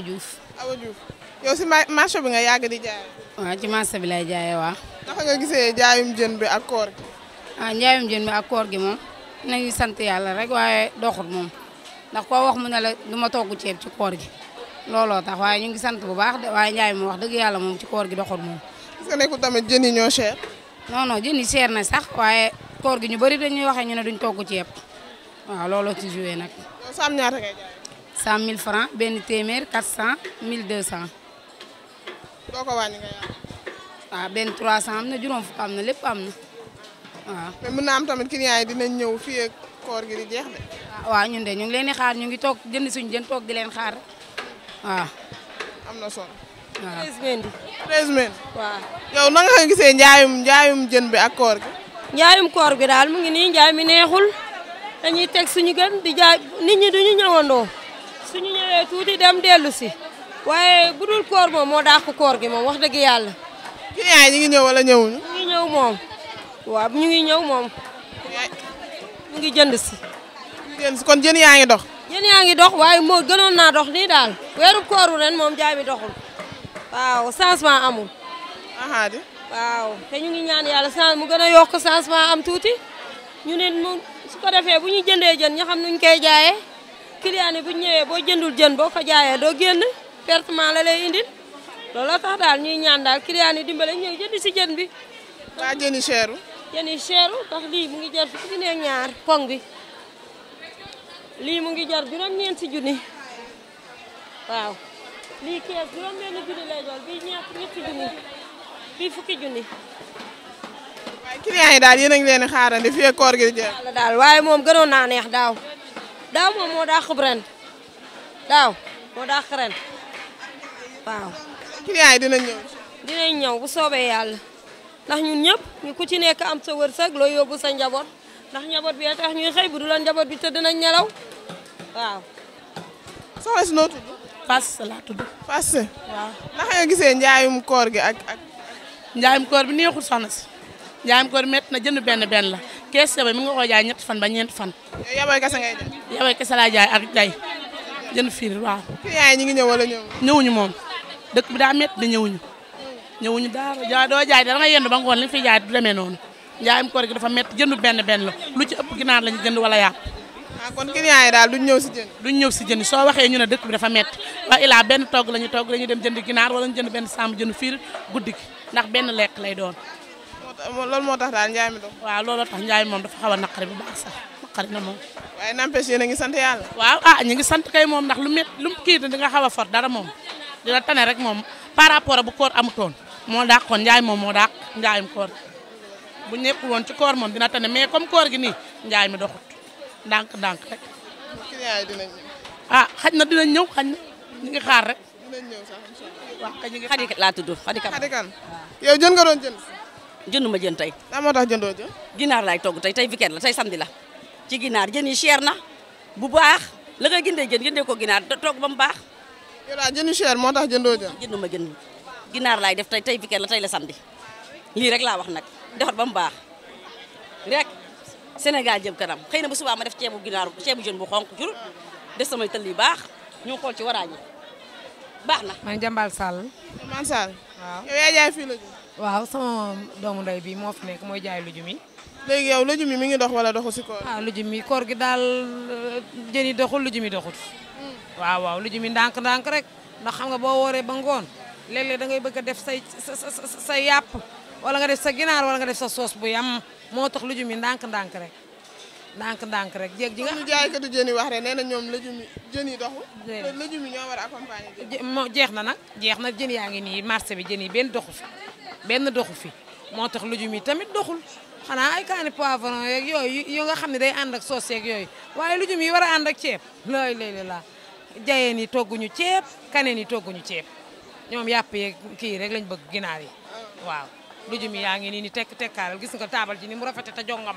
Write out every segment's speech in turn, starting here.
Awa Diouf. Awa Diouf yow si marché bi nga yàgg di jaay. waaw ci marché bi lay jaayee waa. naka nga gisee jaayum jën bi ak koor gi. ah jaayum jën bi ak koor gi moom ngi sant yàlla rek waaye doxut moom ndax koo wax mu ne la du ma togg ceeb ci koor gi looloo tax waaye ñu ngi sant bu baax de waaye njaay mi wax dëgg yàlla moom ci koor gi doxut moom. est-ce que nekkul tamit jën yi ñoo cher. noonoo non jën cher na sax waaye koor gi ñu bëri dañuy waxe ñu ne duñ togg ceeb waaw looloo ci joué nag. cent mil franc ben temer quatre cent mille deux cent. boo ko wàññi nga yaa. Ah, waaw benn trois cent am na juróom fukk am na lépp am na waaw. mais mën naa am tamit client yi dinañ ñëw fii ak koor gi di jeex de. Ah, waaw ñun de ñu ngi leen di xaar ñu ngi toog jënd suñu jën toog di leen xaar waaw. am na solo. waaw treize mille. treize mille. waaw. yow na nga gisee njaayum njaayum jën bi ak koor gi. njaayum koor gi daal mu ngi nii njaay mi neexul dañuy teg suñu ñëwee tuuti dem dellu si waaye bu dul koor moom moo dàq koor gi moom wax dëgg yàlla. client yi ñu ngi ñëw wala ñu ngi moom waaw ñu ngi ñëw moom. ñu ngi jënd si. ñu ngi jënd si kon jën yaa ngi dox. jën yaa ngi dox waaye moo gënoon naa dox nii daal weeru kooru ren moom jaay mi doxul waaw changement amul. ahadi. waaw te ñu ngi ñaan yàlla sans mu gën a yokk changement am tuuti ñu ne mu su ko defee bu ñu jëndee jën ñaxam xam nuñ koy jaayee. client bu ñewé bo jëndul jën boo ko jaayee doo génn pertement la lay indil looloo tax dal ñuy ñaan daal client yi dimbale ñëw jënd jën bi. waa jëni yi jëni jën tax li mu ngi jar ci ne ñaar pong bi li mu ngi jar ñeen ci junni waaw lii kees juróom-benn junni lay doon bii ñaar ci junni bii fukki junni. waaye client yi daal yéen a ngi leen xaarandi fi koor gi di dal waye mom gënon na neex daaw. daaw moom moo dàq ren daaw moo dàq ren waaw. client yi dinañ ñëw. dinañ ñëw bu soobee yàlla ndax ñun ñëpp ñu ku ci nekk am sa wërsëg loo yóbbu sa njaboot ndax njaboot bi tax ñuy xëy bu njaboot bi te dina nelaw waaw. soxna si noo tudd. Fass laa tudd. Fass. waaw naka gisee njaayum koor gi ak ak. njaayum koor bi neexul soxna si njaayum koor métti na jënd benn benn la. kees yabay mi nga ko jaay ñetti fan ba ñeenti fan. yabay kese ngay jaay. yabay kese laa jaay ak day jënd fiir waaw. client yi ñu ngi ñëw wala ñëw. ñëwuñu moom dëkk bi daa métti di ñëwuñu. ñëwuñu doo jaay da nga yendu ba ngoon li fi jaay du demee noonu njaayam koor gi dafa mett jënd benn benn la lu ci ëpp ginaar lañu jënd wala yàpp. ah kon client yi daal duñ ñëw si jënd. duñ ñëw si jënd soo waxee ñu ne dëkk bi dafa métti waaye ilaa benn togg la ñu togg dañuy dem jënd ginaar wala ñu jënd benn sàmm jënd fiir guddi gi ndax benn lekk lay doon loolu moo tax daal njaay mi dox. waaw looloo tax njaay moom dafa xaw a naqari bu baax sax naqari na moom. waaye n'empêche yéen a ngi sant yàlla. waaw ah ñu ngi sant kay moom ndax lu met lu kii di nga xaw a fort dara moom dina tane rek moom par rapport a bu koor amutoon moo dàq kon njaay moom moo dàq njaayum koor bu ñëpp woon ci koor moom dina tane mais comme koor gi nii njaay mi dox ndànk ndànk rek. ah xaj na dinañ ñëw xaj na ñu ngi xaar rek. dinañ ñëw sax incha allah. waaw kañ ñu ngi xaar xadi laa jënd ma jën tey. lan moo tax jëndoo jën. ginaar laay togg tey tey weekend la tey samedi la ci ginaar jën yi cher na bu baax la ngay gindee jën gindee ko ginaar togg ba mu baax. yow daal jën yu moo tax jëndoo jën. jënd ma jën ginaar laay def tey tey weekend la tey la samedi lii rek laa wax nag defar ba mu baax rek Sénégal jëm kanam xëy na bu subaa ma def ceebu ginaar ceebu jën bu xonk jur def samay tëll yu baax ñu xool ci waraañi baax na. man Jambal Sall. Jambal Sall. waaw yow yaa fii la waaw sama doomu ndey bi moo fi nekk mooy jaay lujum yi. léegi yow lujum yi mi ngi dox wala doxu si koor. ah lujum yi koor gi daal euh, jën yi doxul lujum yi doxut. Hmm. waaw waaw lujum yi ndànk-ndànk rek ndax xam nga boo wooree ba ngoon léeg-léeg bëgg def say sa sa sa yàpp wala nga def sa ginaar wala nga def sa soos bu yam moo tax lujum yi ndànk-ndànk rek. ndànk-ndànk rek jéeg ji nga xam jaay yi wax rek nee na ñoom lëjum yi jën yi doxul. lëjum yi ñoo war a accompagner. jeex na nag jeex na jën yaa ngi nii marché bi jën yi benn doxu fi benn doxu fi moo tax lujum yi tamit doxul xanaa ay kaani poivron yeeg yooyu yu nga xam ne day ànd ak soos yeeg yooyu waaye lujum yi war ànd ak ceeb looy léeg laa jayeen yi togguñu ceeb kaneen yi togguñu ceeb ñoom yàpp yeeg kii rek lañ bëgg ginaar yi waaw lujum yi yaa ngi nii ni tekk tekkaaral gis nga taabal ji ni mu rafete te jonga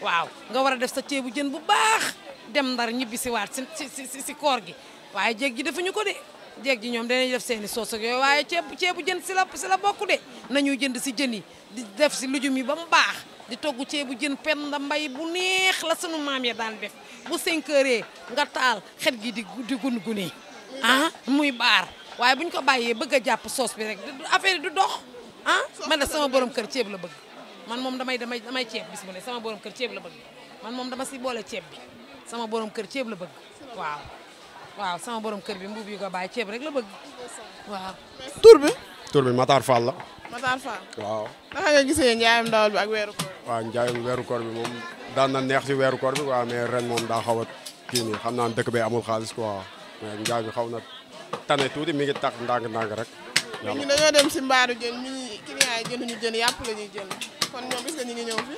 waaw nga war a def sa ceebu jën bu baax dem ndar ñibbi si waat si koor gi waaye jéeg ji defuñu ko de jeeg ji ñoom danañ def seeni soos ak yooyu waaye ceeb ceebu jën si la si la bokk de nañu jënd si jën yi di def si lujum yi ba mu baax di togg bu jën penda mbay bu neex la sunu maam ya daan def bu 5 heures nga taal xet gi di di gun guni ah muy baar waaye bu ñu ko bàyyee bëgg a jàpp soos bi rek affaire yi du dox ah man de sama borom kër ceeb la bëgg man moom damay damay damay ceeb bis bu ne sama borom kër ceeb la bëgg man moom dama si boole ceeb bi sama borom kër ceeb la bëgg waaw waaw sama borom kër bi mbubb yi ko bàyyi ceeb rek la bëgg. waaw. tur bi. tur bi Matar Fall la. Matar Fall waaw. naka nga gisee njaayam ndawal bi ak weeru waaw njaayam weeru bi moom daan na neex ci weeru koor bi waaw mais ren moom daa xaw a xam naa ne dëkk bi amul xaalis quoi mais njaay bi xaw na tane tuuti mi ngi tax ndànk rek. yàlla ñun dañoo dem si mbaaru jën ñu ngi client yi jënduñu jën yàpp la ñuy kon ñoom gis nga ñu ñëw fi.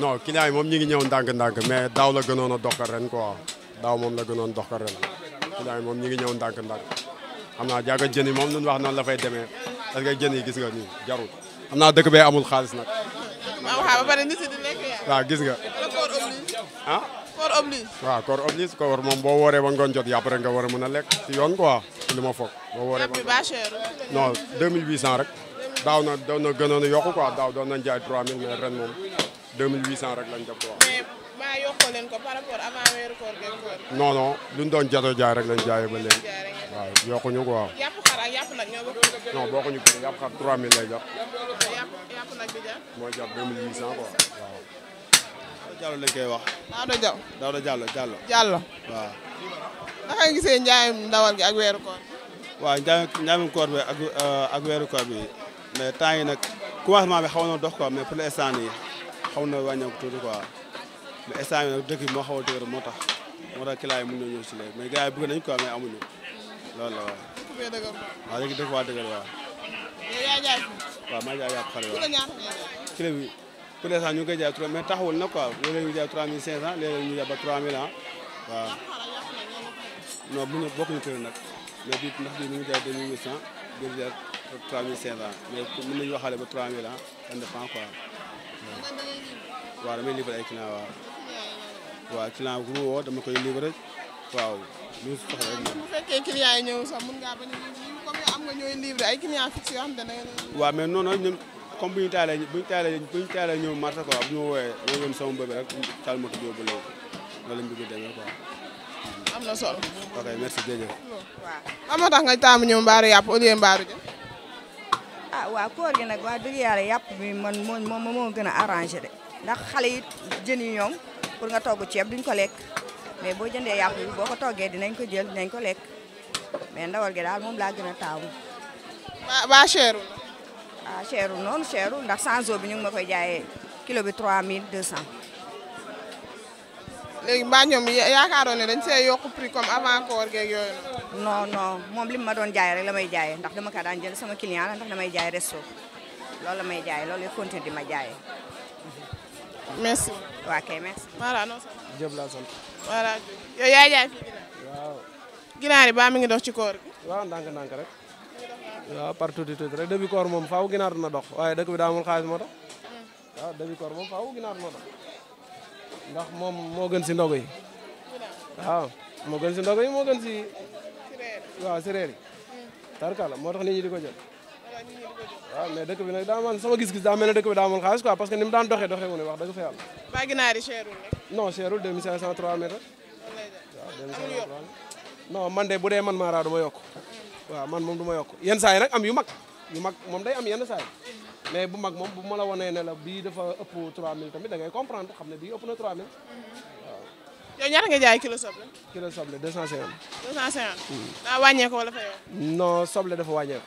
non moom ñu ngi ñëw ndànk-ndànk mais daaw la gënoon a dox la gënoon dox ren poulailler moom ñu ngi ñëw ndànk-ndànk xam naa jaaga jën yi moom lu ñu wax noonu la fay demee parce que jën gis nga nii jarul xam naa dëkk bee amul xaalis nag. Ah, waaw gis nga. koor oblige. ah koor oblige. waaw koor oblige koor moom boo wooree ba ngoon jot yàpp rek nga war a mën a lekk si yoon waa li ma foog. boo wooree ba non 2800 rek. daaw na doon na gënoon a yokku quoi daaw doon nañ jaay 3000 mais ren moom 2800 rek lañ def quoi. mbaa yokkoo leen ko par rapport avant weeru koor geeg koor non ñu doon waaw yokkuñu quoi. yàpp xar ko yàpp xar 3000 lay jàpp. yàpp yàpp nag di jàpp. mooy jàpp 2800 quoi waaw. lañ koy wax. Daouda Diallo Daouda Diallo Diallo. waaw. naka nga gisee njaayam ndawal gi ak weeru koor. waaw njaayam njaayam koor bi euh, koor bi mais temps yi nag commencement bi xaw na dox quoi mais pour l'instant nii xaw na wàññeeku ma instant bi nag dëkk bi moo xaw a moo tax moo tax client yi mën ñëw si léegi mais gars yi bëgg nañ quoi mais amuñu loolu la waaw. waaw léegi dëkk waa dëgër waaw. maa ngi jaay yàpp yi waaw. kilo bi pour ñu koy jaay mais taxawul na quoi léeg-léeg ñu jaay 3500 léeg-léeg ñu jaay ba 3000 ah waaw. non bu ñu bokkuñu kër nag mais bii ndax mu jaay 2800 bii di jaay 3500 mais mën waxaale ba 3000 ah a dépend quoi waaw damay livré ay client waaw. waaw client bu woo dama koy livrer waaw lu soxla rek. bu fekkee client yi ñëw sax mun a comme nga ñooy livrer ay client fixe yoo xam ne waaw mais non non ñun comme bu ñu taalee bu ñu taalee bu ñu ñëw marché quoi bu ñu woowee woo woon sama bébé rek bi ba léegi loolu a demee quoi. am na sol ok merci jërëjëf. waaw lan moo tax nga taamu ñëw mbaaru yàpp au lieu mbaaru jën. ah waaw koor gi nag waa dëgg yàlla yàpp bi man moo moo moo gën a de ndax xale yi jën yi ñoom. pour nga togg ceeb duñ ko lekk mais boo jëndee yàpp boo ko toggee dinañ ko jël dinañ ko lekk mais ndawal gi daal moom laa gën a taamu. waa waa cherul. ah cherul noonu cherul ndax sans eau bi ñu ngi ma koy jaayee kilo bi 3200. léegi mbaa ñoom yaakaaroon ne dañ see yokk prix comme avant koor geeg yooyu noonu. non moom li ma doon jaayee rek la may jaayee ndax dama kaa daan jël sama client la ndax damay jaay resto loolu la may loolu la di ma jaayee. merci. waa kay merci. voilà non sant. Diop laa ginaar. waaw. yi ba mi ngi dox ci koor gi. waaw rek. waaw par tuuti tuuti rek début koor moom faaw ginaar dina dox waaye dëkk bi daa amul xaalis moo tax. Hmm. waaw début koor moom ginaar dina dox. ndax moom moo gën si ndogo yi. waaw moo gën si ndogo si. waaw si yi. Hmm. tarkala moo tax nit ko waaw mais dëkk bi nag daa man sama gis-gis daa mel ne dëkk bi daa amoon xaalis quoi parce que ni mu daan doxee wax dëgg fa yàlla. ba ginaar yi cherul rek. non cherul 2503 mètres. man de bu dee man Mara du ma yokk. waaw man moom du ma yokk yenn saa yi nag am yu mag yu mag moom day am yenn saa mais bu mag moom bu ma la wanee ne la bii dafa ëpp 3000 tamit da ngay comprendre xam ne bii ëpp na 3000 waaw. yow ñaata nga jaay kilo soble. kilo soble 250. 250. Hmm. daa wàññeeku wala fa no soble dafa wàññeeku.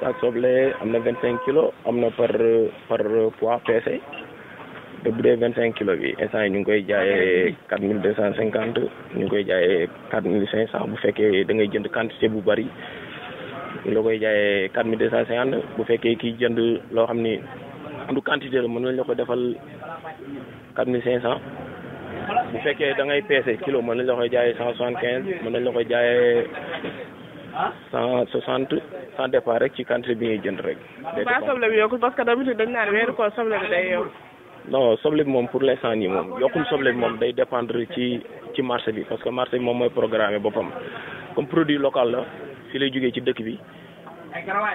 sac soble am na vingt cinq kilos am na par par poids peese te bu dee vingt cinq kilos bi instant yi ñu ngi koy jaayee quatre mille deux cent cinquante ñu ngi koy jaayee quatre mille cent bu fekkee da jënd quantité bu bari ñu koy jaayee quatre mille deux cent cinquante bu fekkee kii jënd loo xam ni du quantité la mën nañ la ko defal quatre mille cinq cent bu fekkee da ngay peese kilo mën nañ la koy jaayee cent soixante quinze mën nañ la koy jaayee ah. cent soixante cent départ rek ci quantité bi ngay jënd rek. day dépend soble bi yokkul parce que d'habitude dañ naan weeru ko soble bi day yokk. non soble bi moom pour l'instant nii moom yokkul soble bi moom day dépendre ci ci marché bi parce que marché bi moom mooy programme boppam comme produi local la fi lay jógee ci dëkk bi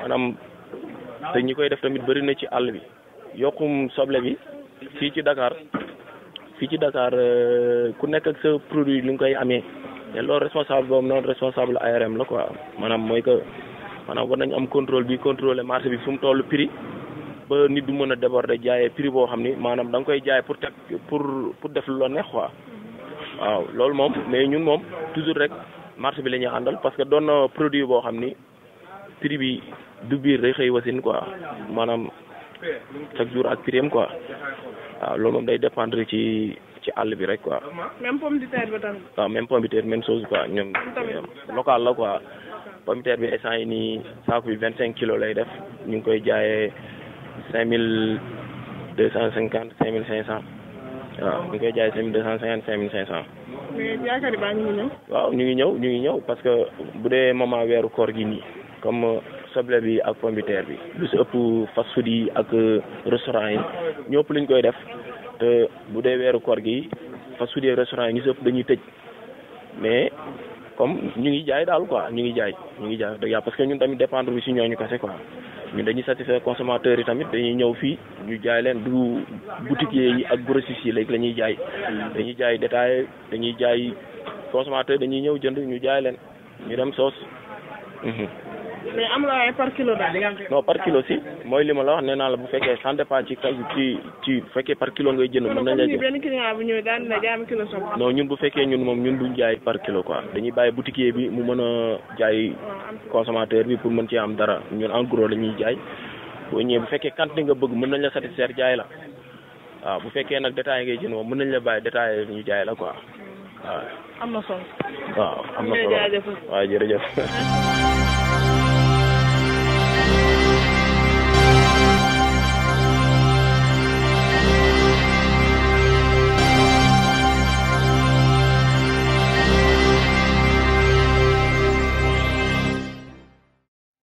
maanaam te ñi koy def tamit bëri na ci àll bi yokkum soble bi fii ci Dakar fii ci Dakar euh, ku nekk ak sa produit li koy amee. te loolu responsable boobu noonu responsable ARM la quoi maanaam mooy que maanaam war nañu am contrôle bi contrôler marché bi fu mu toll prix ba nit du mën a déborder jaayee prix boo xam ni maanaam danga koy jaay pour teg pour pour def lu la neex quoi waaw loolu moom mais ñun moom toujours rek marché bi la ñuy àndal parce que doon na produit boo xam ni prix bi du biir day xëy wasin quoi maanaam chaque jour ak prix am quoi waaw loolu moom day dépendre ci. ci àll bi rek quoi. même pomme de terre ba tamit. waaw même pomme de terre ñoom. local la pomme de terre bi instant yi nii saako bi vingt cinq kilos lay def ñu ngi koy jaayee cinq mille deux cent cinquante cinq mille cinq cent. waaw ñu ngi koy jaayee cinq mille deux cent cinquante cent. mais yaakaar ngi ñëw. ñu ngi ñëw parce que bu dee moment weeru koor gi nii comme. soble bi ak pomme de terre bi lu ëpp fast food yi ak restaurant yi ñëpp lañ koy def te bu dee weeru koor gi fa su dee restaurant yi ñu sëpp dañuy tëj mais comme ñu ngi jaay daal quoi ñu ngi jaay ñu ngi jaay dëgg yàlla parce que ñun tamit dépendre bi si ñooñu kese quoi ñu dañuy satisfaire consommateurs yi tamit dañuy ñëw fii ñu jaay leen du boutiquier yi ak grossistes yi léegi la ñuy jaay dañuy jaay détail dañuy jaay consommateur dañuy ñëw jënd ñu jaay leen ñu dem soos. Mhm. mais amul waaye par kilo daal di am. si mooy li ma la wax nee naa la bu fekkee ça dépend ci ci bu fekkee par kilo ngay jënd mën na jaam kilo soog. non ñun bu fekkee ñun moom ñun duñ jaay par kilo quoi dañuy bàyyi boutiquier bi mu mën a jaay ah, bi pour mën ci am dara ñun en gros la ñuy jaay boo ñëwee bu fekkee quantité nga bëgg mën nañ la satisfaire jaay la waaw bu fekkee nag détail ngay jënd moom mën nañ la bàyyi détail ñu jaay la quoi. waaw am na solo waaw am na solo waaw jërëjëf